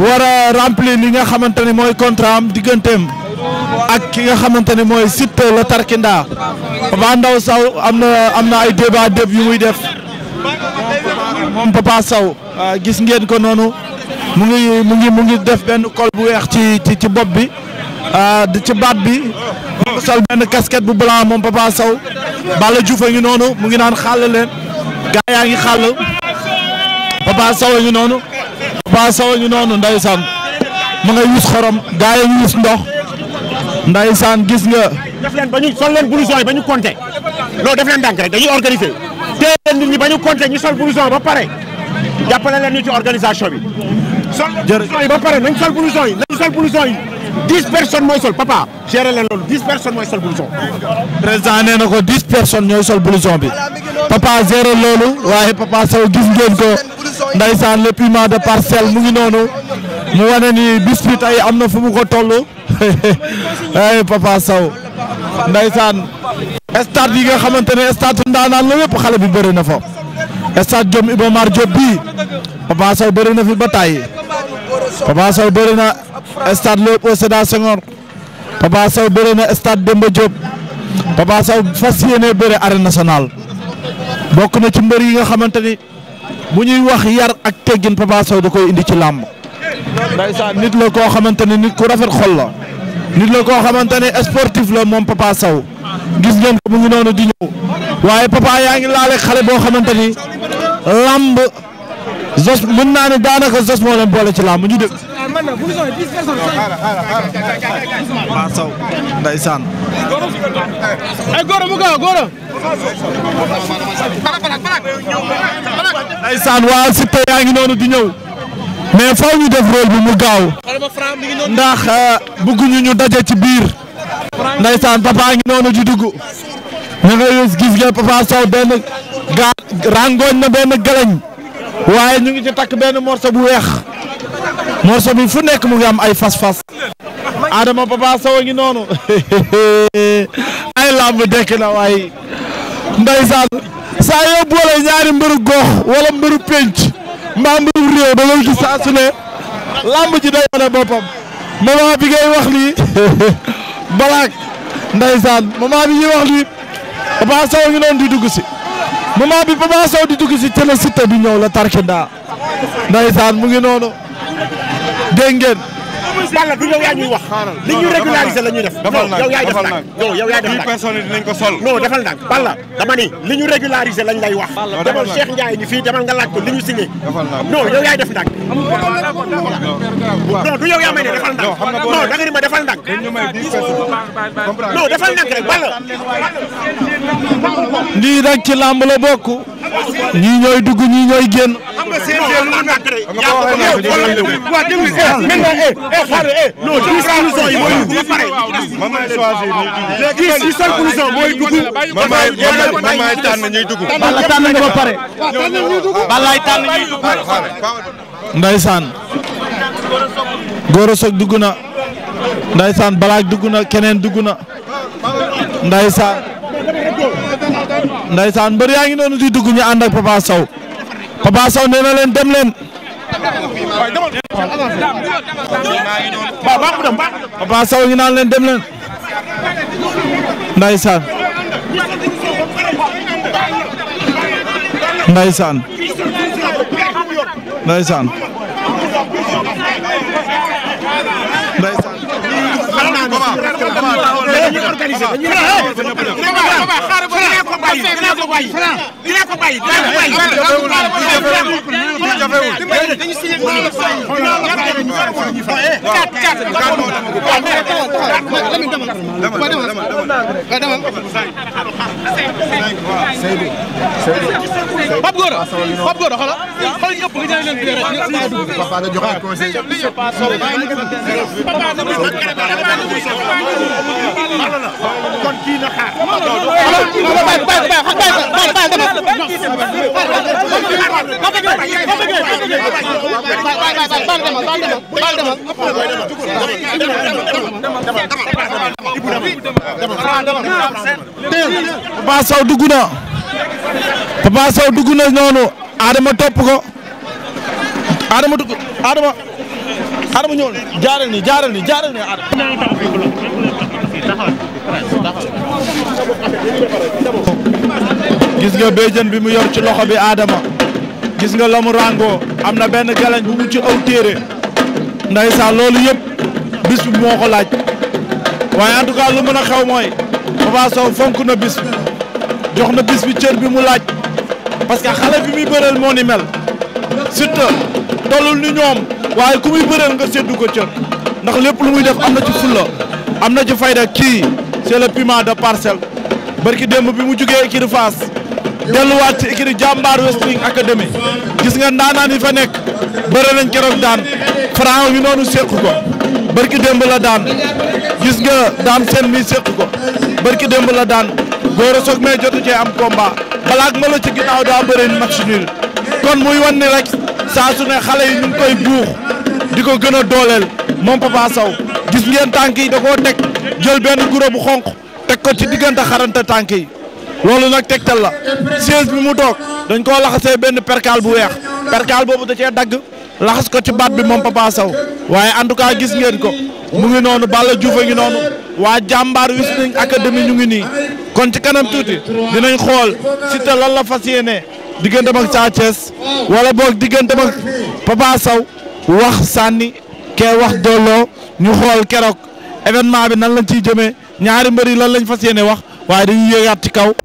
war a remplir li nga xamante ne mooy contrat am digganteem ak ki nga xamante ne mooy Siteu la Tarkinda Papa Ndaw Sow am na am na ay débat déb yu muy def moom Papa Sow euh, gis ngeen ko noonu mu ngi mu ngi mu ngi def benn col bu weex ci ci ci bopp bi euh, ci baat bi mu sol benn casquette bu bala moom Papa Sow Balla Diouf a ngi noonu mu ngi naan xàll leen gaa yaa ngi xàll Papa Sow a ngi noonu Papa Sow ñu noonu ndeysaan ma ngay wis xorom gaa yi wis ndox ndeysaan gis nga. def leen ba ñu sol leen blouson yi ba ñu compter loolu def leen dànk rek dañuy organiser teel nit ñi ba ñu compter ñu sol blouson ba pare jàppale leen ñu ci organisation bi. jërëjëf sol blouson yi ba pare nañ sol yi nañ sol blouson yi dix personnes mooy sol papa gérer leen loolu dix personnes mooy sol blouson. président nee na ko dix personnes ñooy sol blouson bi papa gérer loolu waaye papa Sow gis ngeen ndaysaan le piment de parcelle mu ngi noonu mu wane ni bis bi am na fu mu ko toll ay Papa Sow ndaysaan stade yi nga xamante ne stade ndaanaan la yëpp xale bi bëri na fa stade Jom Iba Mar Diop bii Papa bëri na fi ba tàyyi Papa na stade Léopold Sédar Senghor Papa Sow bëri na stade Demba Diop Papa Sow fas bëri arène nationale bokk na ci mbër yi nga xamante bu ñuy wax yar ak teggin Papa Sow da koy indi ci làmb ndeysaan nit la koo xamante ne nit ku rafet xol la nit la koo xamante ne sportif la moom Papa Sow gis ngeen ko mu ngi noonu di ñëw waaye papa yaa ngi laale xale boo xamante ni làmb jos mën naa ne daanaka jos moo leen boole ci làmb ñu dégg. Papa Sow ndeysaan. ndeysaan waa Siteu ngi noonu di ñëw mais faw ñu def rôle bi mu gaaw ndax euh, bëgguñu ñu daje ci biir ndeysaan papa ngi noonu di dugg na nga yus gis ngeen papa benn gaa rangooñ na benn galañ waaye ñu ngi ci takk benn morceau bu weex morceau bi fu nekk mu ngi am ay fas-fas Adama papa Sow ngi noonu ay làmb dekk waaye ndeysaan saa yoo boole ñaari mbëru gox wala mbëru penc mbaa mbëru réew da ngay gis saa ne làmb ji day wane boppam moment bi ngay wax balaak ndeysaan moment bi ñuy wax lii Papa Sow ngi noonu di dugg si moment bi Papa Sow di dugg si télé Siteu bi ñëw la tarkindaa ndeysaan mu ngi noonu dégg Balla du yow yaa ñuy wax. li ñu régulariser la ñuy def. defal naa yow yaay def nag yow yow yaay def nag. personne dinañ ko sol. non defal nag Balla dama ni li ñu régulariser lañ lay wax. demal Cheikh Ndiaye ni fii demal nga laaj ko li ñu signé. non yow yaay def nag. non du yow yaa may ne defal nag. non defal nag. non defal nag rek Balla. lii rek ci làmb la bokk. ñii ñooy dugg ñii ñooy génn. xaaral eh non ba pare. man maay choisir ba pare. Ballaay tànn ñuy dugg. Ndaysaan. Goro Sock na. Ndaysaan Balaak dugg na keneen dugg na. Ndaysaan. Ndaysaan mbër yaa ngi noonu di dugg ñu ànd ak Papa Sow. Papa Sow nee leen dem leen. waaw baax bu dem baax. Papa naan leen dem leen. Ndeysaan. Ndeysaan. Ndeysaan. dañuy organisé dañuy organisé. loolu jafewul dañu signé ko ñu fay ñu fay kat kat Pape Gora Pape Gora xoolal xoolal yëpp nga jëlee leen bi rek ñu sa dugg papa da joxe conseil papa da kon kii na xaar Papa Sow dugg na Papa Sow dugg na noonu Adama topp ko Adama dugg Adama Adama jaaral ni jaaral ni jaaral ni Adama gis nga béjjën bi mu yor ci loxo bi Adama gis nga la mu ràngoo am na benn galañ bu mu ci aw téere ndeysaan loolu yëpp bis bi moo ko laaj waaye en tout cas lu mën a xew mooy Papa fonk na bis bi jox na bis bi cër bi mu laaj parce que xale bi muy bëreel moo ni mel surtout tolul ni ñoom waaye ku muy bëreel nga séddu ko cër ndax lépp lu muy def am na ci fulla am na ci fayda kii c'est le piment de parcelle barki démb bi mu jugee écurie Fass delluwaat ci écurie Jàmbaar Wrestling Academy gis nga ndaanaan yi fa nekk bëre nañ keroog daan Franc ñu noonu seq ko barki démb la daan gis nga daam seen mi seq ko barki démb la daan góor a soog mee jotu cee am combat balaak ma la ci ginnaaw daa bëre match nul kon muy wan ni rek saa su ne xale yi ñu ngi koy buux di ko gën a dooleel moom Papa gis ngeen tànk yi da koo teg jël benn guro bu xonq teg ko ci diggante xarante tànk yi loolu nag tegtal la siège bi mu toog dañ koo laxasee benn percal bu weex percal boobu da cee dagg laxas ko ci baat bi moom Papa Sow waaye en tout cas gis ngeen ko mu ngi noonu Balla Diouf a ngi noonu waa jàmbaar Wrestling Academy ñu ngi nii kon ci kanam tuuti dinañ xool Siteu lan la fas yéenee diggante ak Sa Thiès wala boog digganteem ak Papa Sow wax sànni kee wax dolloo ñu xool keroog événement bi nan lañ ciy jëmee. ñaari mbër yi lan lañ fa yéene wax waaye dañuy yéegaat ci kaw